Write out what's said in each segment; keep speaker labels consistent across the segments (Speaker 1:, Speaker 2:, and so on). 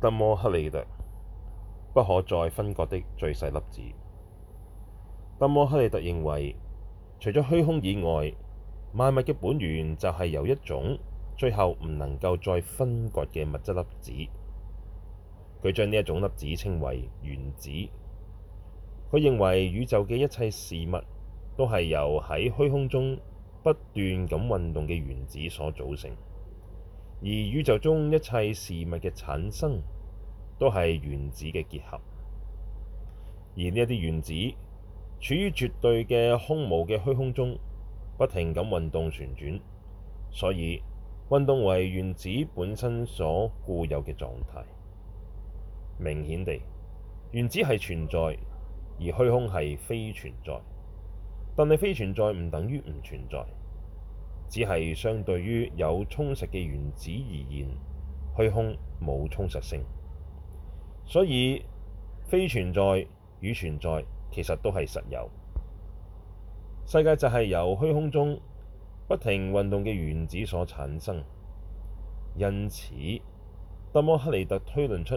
Speaker 1: 德謨克利特，不可再分割的最細粒子。德謨克利特認為，除咗虛空以外，萬物嘅本源就係由一種最後唔能夠再分割嘅物質粒子。佢將呢一種粒子稱為原子。佢認為宇宙嘅一切事物都係由喺虛空中不斷咁運動嘅原子所組成。而宇宙中一切事物嘅產生，都係原子嘅結合。而呢啲原子，處於絕對嘅空無嘅虛空中，不停咁運動旋轉。所以運動為原子本身所固有嘅狀態。明顯地，原子係存在，而虛空係非存在。但係非存在唔等於唔存在。只係相對於有充實嘅原子而言，虛空冇充實性，所以非存在與存在其實都係實有。世界就係由虛空中不停運動嘅原子所產生，因此德謨克利特推論出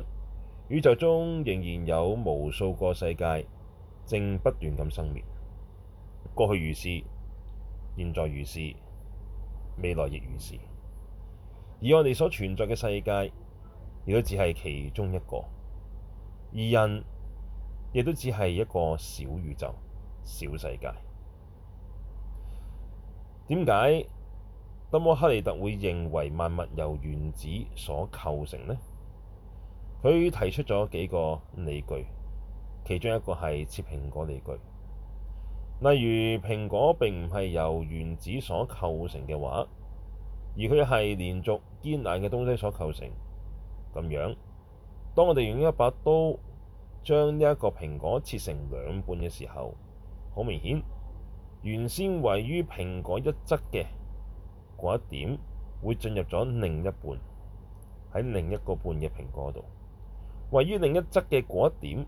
Speaker 1: 宇宙中仍然有無數個世界正不斷咁生滅。過去如是，現在如是。未來亦如是，而我哋所存在嘅世界，亦都只係其中一個；而人，亦都只係一個小宇宙、小世界。點解德謨克利特會認為萬物由原子所構成呢？佢提出咗幾個理據，其中一個係切蘋果理據。例如，蘋果並唔係由原子所構成嘅話，而佢係連續堅硬嘅東西所構成。咁樣，當我哋用一把刀將呢一個蘋果切成兩半嘅時候，好明顯，原先位於蘋果一側嘅嗰一點會進入咗另一半喺另一個半嘅蘋果度，位於另一側嘅嗰一點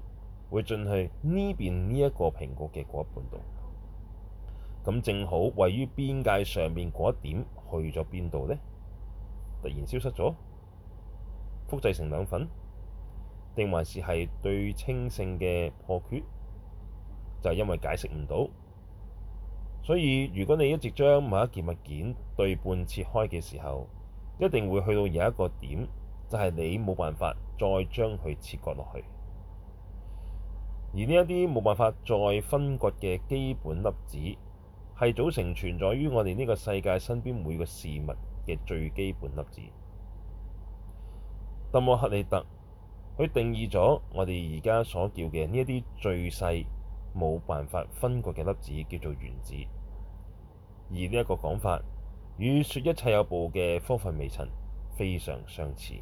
Speaker 1: 會進去呢邊呢一個蘋果嘅嗰一半度。咁正好位於邊界上面嗰一點去咗邊度呢？突然消失咗，複製成兩份，定還是係對稱性嘅破缺？就係、是、因為解釋唔到。所以如果你一直將某一件物件對半切開嘅時候，一定會去到有一個點，就係、是、你冇辦法再將佢切割落去。而呢一啲冇辦法再分割嘅基本粒子，係組成存在於我哋呢個世界身邊每個事物嘅最基本粒子。德謨克利特佢定義咗我哋而家所叫嘅呢一啲最細冇辦法分割嘅粒子，叫做原子。而呢一個講法與説一切有部嘅方分微塵非常相似。